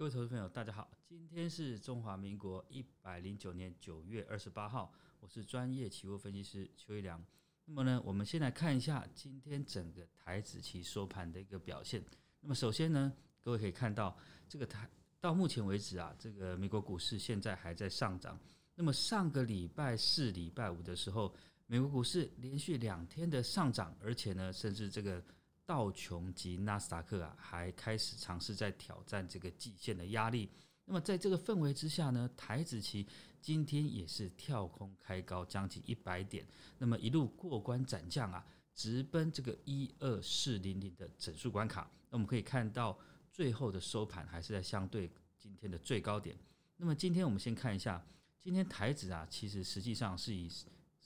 各位投資朋友，大家好，今天是中華民國一百零九年九月二十八號，我是專業期貨分析師邱義良。那麼呢，我們先來看一下今天整個台指期收盤的一個表現。那麼首先呢，各位可以看到，這個台到目前為止啊，這個美國股市現在還在上漲。那麼上個禮拜四、禮拜五的時候，美國股市連續兩天的上漲，而且呢，甚至這個。道瓊及納斯達克啊，還開始嘗試在挑戰這個季線的壓力。那麼，在這個氛圍之下呢，台指期今天也是跳空開高，將近一百點，那麼一路過關斬將啊，直奔這個一二四零零的整數關卡。那我們可以看到，最後的收盤還是在相對今天的最高點。那麼，今天我們先看一下，今天台指啊，其實實際上是以。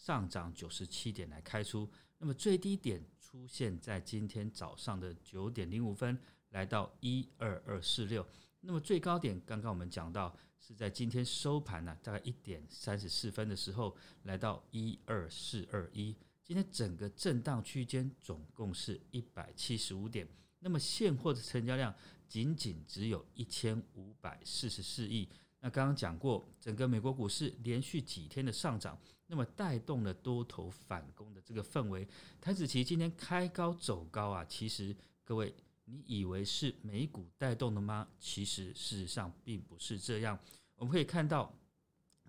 上漲九十七點來開出，那麼最低點出現在今天早上的九點零五分，來到一二二四六。那麼最高點剛剛我們講到是在今天收盤呢、啊，大概一點三十四分的時候來到一二四二一。今天整個震盪區間總共是一百七十五點，那麼現貨的成交量僅僅只有一千五百四十四億。那剛剛講過，整個美國股市連續幾天的上漲，那麼帶動了多頭反攻的這個氛圍。台指期今天開高走高啊，其實各位，你以為是美股帶動的嗎？其實事實上並不是這樣。我們可以看到，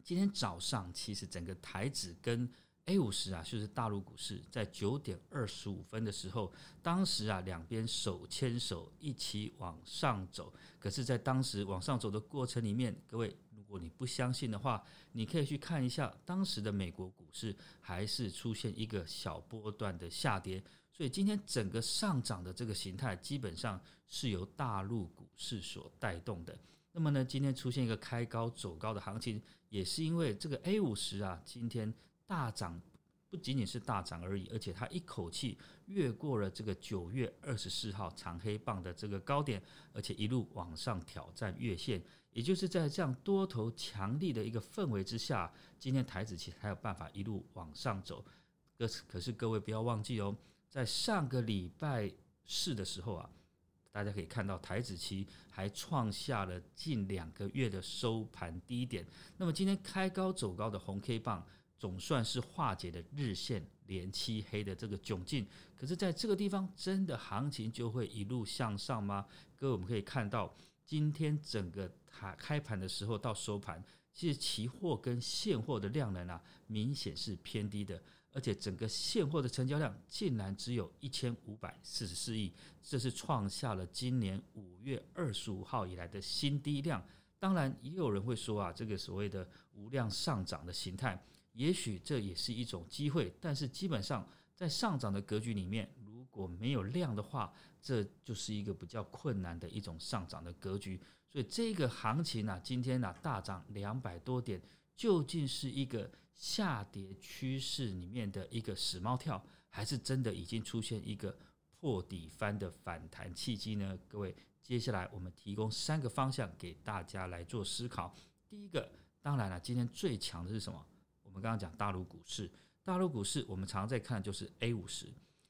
今天早上其實整個台指跟 A50 啊，就是大陸股市在九點二十五分的時候，當時啊兩邊手牽手一起往上走。可是，在當時往上走的過程裡面，各位如果你不相信的話，你可以去看一下當時的美國股市還是出現一個小波段的下跌。所以今天整個上漲的這個形態，基本上是由大陸股市所帶動的。那麼呢，今天出現一個開高走高的行情，也是因為這個 A50 啊，今天。大漲不僅僅是大漲而已，而且它一口氣越過了這個九月二十四號長黑棒的這個高點，而且一路往上挑戰月線。也就是在這樣多頭強力的一個氛圍之下，今天台指期才有辦法一路往上走。可是可是各位不要忘記哦，在上個禮拜四的時候啊，大家可以看到台指期還創下了近兩個月的收盤低點。那麼今天開高走高的紅 K 棒。總算是化解了日線連七黑的這個窘境，可是，在這個地方真的行情就會一路向上嗎？各位，我們可以看到，今天整個開開盤的時候到收盤，其實期貨跟現貨的量能啊，明顯是偏低的，而且整個現貨的成交量竟然只有一千五百四十四億，這是創下了今年五月二十五號以來的新低量。當然，也有人會說啊，這個所謂的無量上漲的形態。也許這也是一種機會，但是基本上在上漲的格局裡面，如果沒有量的話，這就是一個比較困難的一種上漲的格局。所以這個行情呢、啊，今天呢、啊、大漲兩百多點，究竟是一個下跌趨勢裡面的一個死貓跳，還是真的已經出現一個破底翻的反彈契機呢？各位，接下來我們提供三個方向給大家來做思考。第一個，當然了、啊，今天最強的是什麼？我們剛剛講大陸股市，大陸股市我們常在看就是 A 五十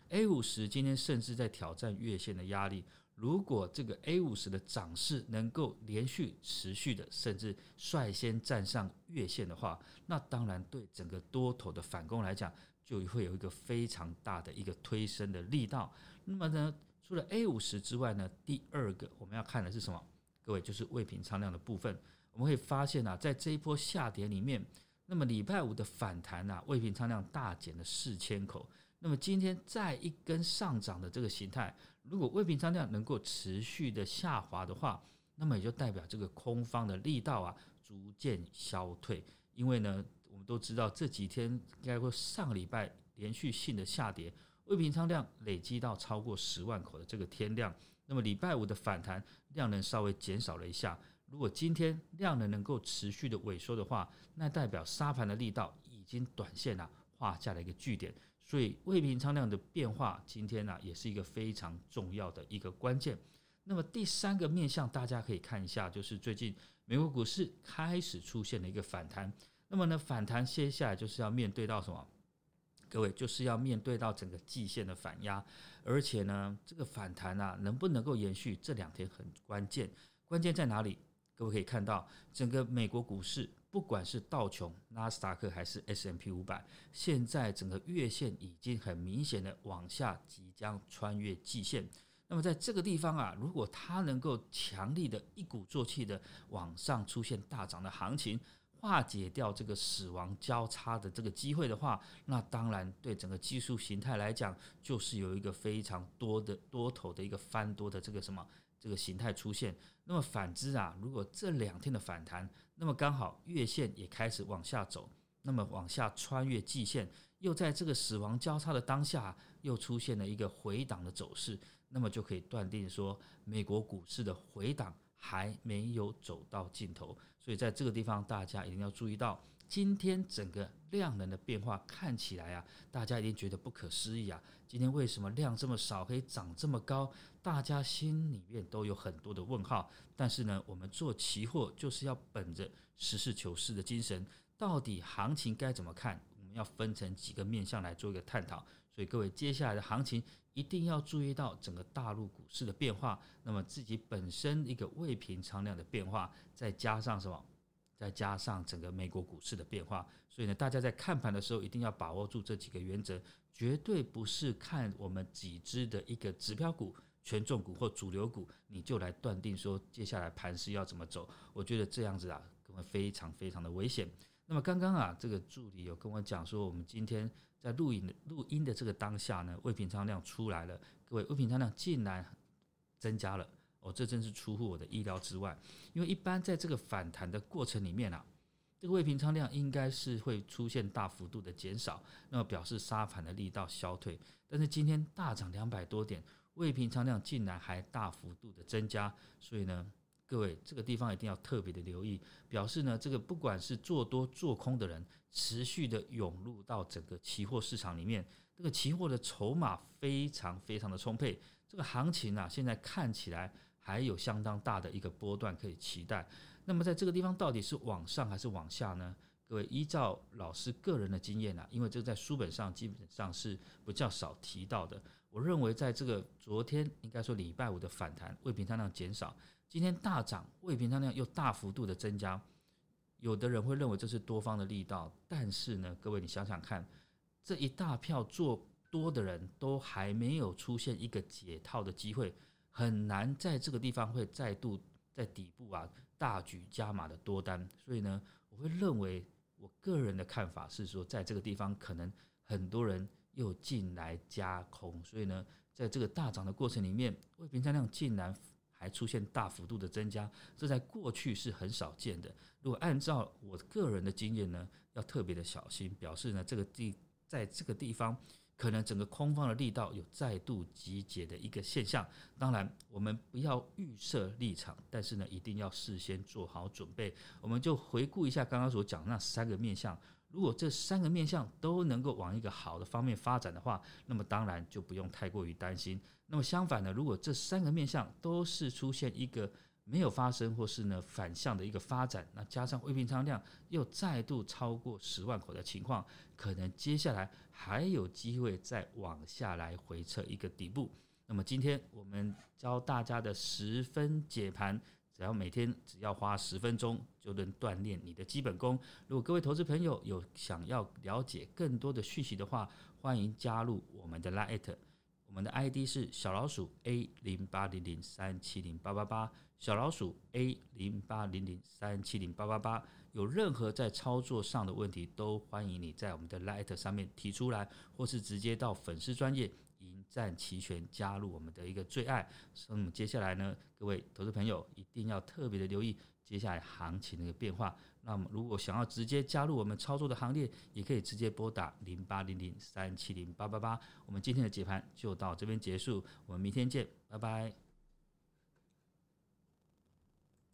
，A 五十今天甚至在挑戰月線的壓力。如果這個 A 五十的漲勢能夠連續持續的，甚至率先站上月線的話，那當然對整個多頭的反攻來講，就會有一個非常大的一個推升的力道。那麼呢，除了 A 五十之外呢，第二個我們要看的是什麼？各位，就是未平倉量的部分。我們會發現啊，在這一波下跌裡面。那麼禮拜五的反彈呢啊，未平倉量大減了四千口。那麼今天再一根上漲的這個形態，如果未平倉量能夠持續的下滑的話，那麼也就代表這個空方的力道啊逐漸消退。因為呢，我們都知道這幾天應該說上個禮拜連續性的下跌，未平倉量累積到超過十萬口的這個天量。那麼禮拜五的反彈量能稍微減少了一下。如果今天量能能夠持續的萎縮的話，那代表殺盤的力道已經短線啊畫下了一個句點。所以未平倉量的變化，今天呢、啊、也是一個非常重要的一個關鍵。那麼第三個面向，大家可以看一下，就是最近美國股市開始出現了一個反彈。那麼呢，反彈接下來就是要面對到什麼？各位就是要面對到整個季線的反壓，而且呢，這個反彈啊能不能夠延續？這兩天很關鍵，關鍵在哪裡？各位可以看到，整個美國股市，不管是道瓊、納斯達克還是 S&P 500，現在整個月線已經很明顯的往下，即將穿越季線。那麼在這個地方啊，如果它能夠強力的一鼓作氣的往上出現大漲的行情，化解掉這個死亡交叉的這個機會的話，那當然對整個技術形態來講，就是有一個非常多的多頭的一個翻多的這個什麼。這個形態出現，那麼反之啊，如果這兩天的反彈，那麼剛好月線也開始往下走，那麼往下穿越季線，又在這個死亡交叉的當下，又出現了一個回檔的走勢，那麼就可以斷定說，美國股市的回檔還沒有走到盡頭。所以在這個地方，大家一定要注意到，今天整個量能的變化看起來啊，大家一定覺得不可思議啊。今天為什麼量這麼少，可以漲這麼高？大家心裡面都有很多的問號。但是呢，我們做期貨就是要本着實事求是的精神，到底行情該怎麼看？要分成幾個面向來做一個探討，所以各位接下來的行情一定要注意到整個大陸股市的變化，那麼自己本身一個未平倉量的變化，再加上什麼？再加上整個美國股市的變化，所以呢，大家在看盤的時候一定要把握住這幾個原則，絕對不是看我們幾隻的一個指標股、權重股或主流股，你就來斷定說接下來盤勢要怎麼走。我覺得這樣子啊，會非常非常的危險。那麼剛剛啊，這個助理有跟我講說，我們今天在錄影的錄音的這個當下呢，未平倉量出來了。各位，未平倉量竟然增加了，哦，這真是出乎我的意料之外。因為一般在這個反彈的過程裡面啊，這個未平倉量應該是會出現大幅度的減少，那麼表示殺盤的力道消退。但是今天大漲兩百多點，未平倉量竟然還大幅度的增加，所以呢。各位，這個地方一定要特別的留意，表示呢，這個不管是做多做空的人，持續的湧入到整個期貨市場裡面，這個期貨的籌碼非常非常的充沛，這個行情呢、啊，現在看起來還有相當大的一個波段可以期待。那麼在這個地方到底是往上還是往下呢？各位依照老師個人的經驗呢、啊，因為這個在書本上基本上是比較少提到的，我認為在這個昨天應該說禮拜五的反彈，未平倉量減少。今天大漲，未平倉量又大幅度的增加，有的人會認為這是多方的力道，但是呢，各位你想想看，這一大票做多的人都還沒有出現一個解套的機會，很難在這個地方會再度在底部啊大舉加碼的多單，所以呢，我會認為我個人的看法是說，在這個地方可能很多人又進來加空，所以呢，在這個大漲的過程裡面，未平倉量竟然。出現大幅度的增加，這在過去是很少見的。如果按照我個人的經驗呢，要特別的小心，表示呢這個地在這個地方，可能整個空方的力道有再度集結的一個現象。當然，我們不要預設立場，但是呢，一定要事先做好準備。我們就回顧一下剛剛所講那三個面向。如果這三個面向都能夠往一個好的方面發展的話，那麼當然就不用太過於擔心。那麼相反呢，如果這三個面向都是出現一個沒有發生或是呢反向的一個發展，那加上未平倉量又再度超過十萬口的情況，可能接下來還有機會再往下來回測一個底部。那麼今天我們教大家的十分解盤。只要每天只要花十分鐘就能鍛鍊你的基本功。如果各位投資朋友有想要了解更多的訊息的話，歡迎加入我們的 Line@ 我們的 ID 是小老鼠 A 零八零零三七零八八八，小老鼠 A 零八零零三七零八八八。有任何在操作上的問題，都歡迎你在我們的 Line@ 上面提出來，或是直接到粉絲專頁。站齊全加入我們的一個最愛，所以我們接下來呢，各位投資朋友一定要特別的留意接下來行情的一個變化。那麼如果想要直接加入我們操作的行列，也可以直接撥打零八零零三七零八八八。我們今天的解盤就到這邊結束，我們明天見，拜拜。